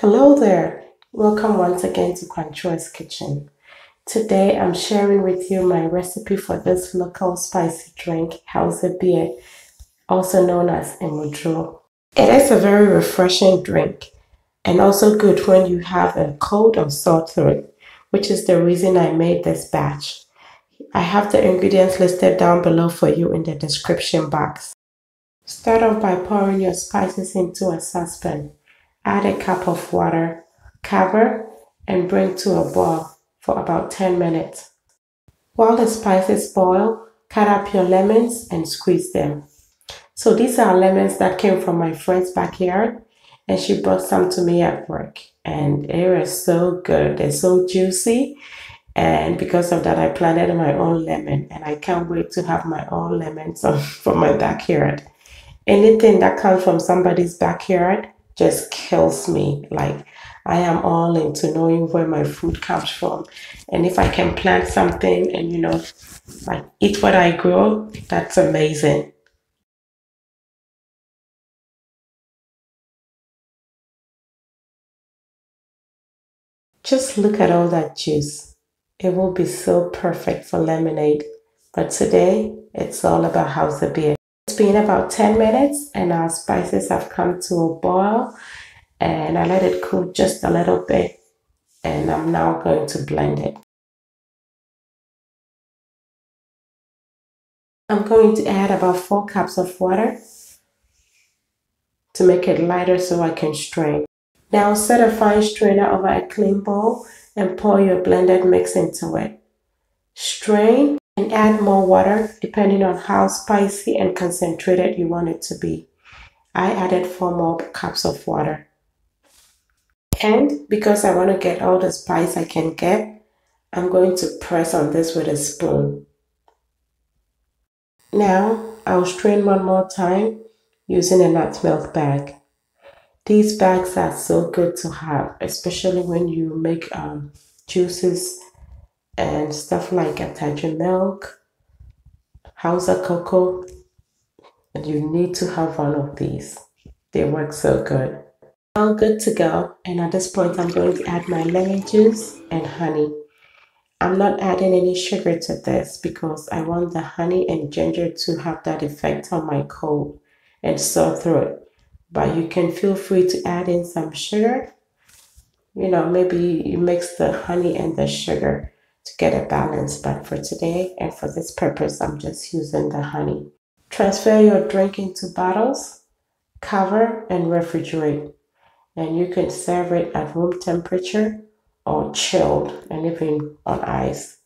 Hello there. Welcome once again to Quanchoy's Kitchen. Today I'm sharing with you my recipe for this local spicy drink, Hausa beer, also known as Emudro. It is a very refreshing drink and also good when you have a cold or sore throat, which is the reason I made this batch. I have the ingredients listed down below for you in the description box. Start off by pouring your spices into a saucepan. Add a cup of water, cover, and bring to a boil for about 10 minutes. While the spices boil, cut up your lemons and squeeze them. So these are lemons that came from my friend's backyard and she brought some to me at work and they were so good. They're so juicy and because of that I planted my own lemon and I can't wait to have my own lemons from my backyard. Anything that comes from somebody's backyard just kills me. Like, I am all into knowing where my food comes from. And if I can plant something and, you know, like eat what I grow, that's amazing. Just look at all that juice. It will be so perfect for lemonade. But today, it's all about house of beer been about 10 minutes and our spices have come to a boil and I let it cool just a little bit and I'm now going to blend it. I'm going to add about 4 cups of water to make it lighter so I can strain. Now set a fine strainer over a clean bowl and pour your blended mix into it. Strain and add more water depending on how spicy and concentrated you want it to be. I added 4 more cups of water. And because I want to get all the spice I can get, I'm going to press on this with a spoon. Now I'll strain one more time using a nut milk bag. These bags are so good to have, especially when you make um, juices and stuff like attention milk, of cocoa. And you need to have one of these. They work so good. All good to go. And at this point, I'm going to add my lemon juice and honey. I'm not adding any sugar to this because I want the honey and ginger to have that effect on my cold and sore throat. But you can feel free to add in some sugar. You know, maybe you mix the honey and the sugar to get a balance. But for today and for this purpose, I'm just using the honey. Transfer your drink into bottles, cover, and refrigerate. And you can serve it at room temperature or chilled even on ice.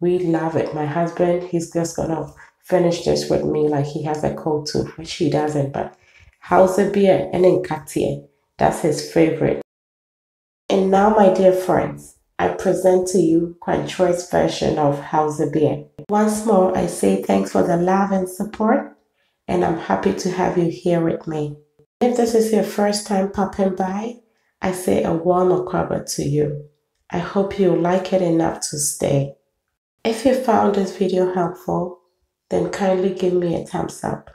We love it. My husband, he's just gonna finish this with me like he has a cold too, which he doesn't, but the beer and Nkatier, that's his favorite. And now, my dear friends, I present to you Quantroy's version of How's a Beer. Once more, I say thanks for the love and support, and I'm happy to have you here with me. If this is your first time popping by, I say a warm welcome to you. I hope you like it enough to stay. If you found this video helpful, then kindly give me a thumbs up.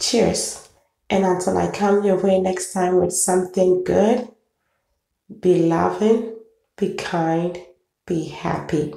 Cheers, and until I come your way next time with something good, be loving, be kind, be happy.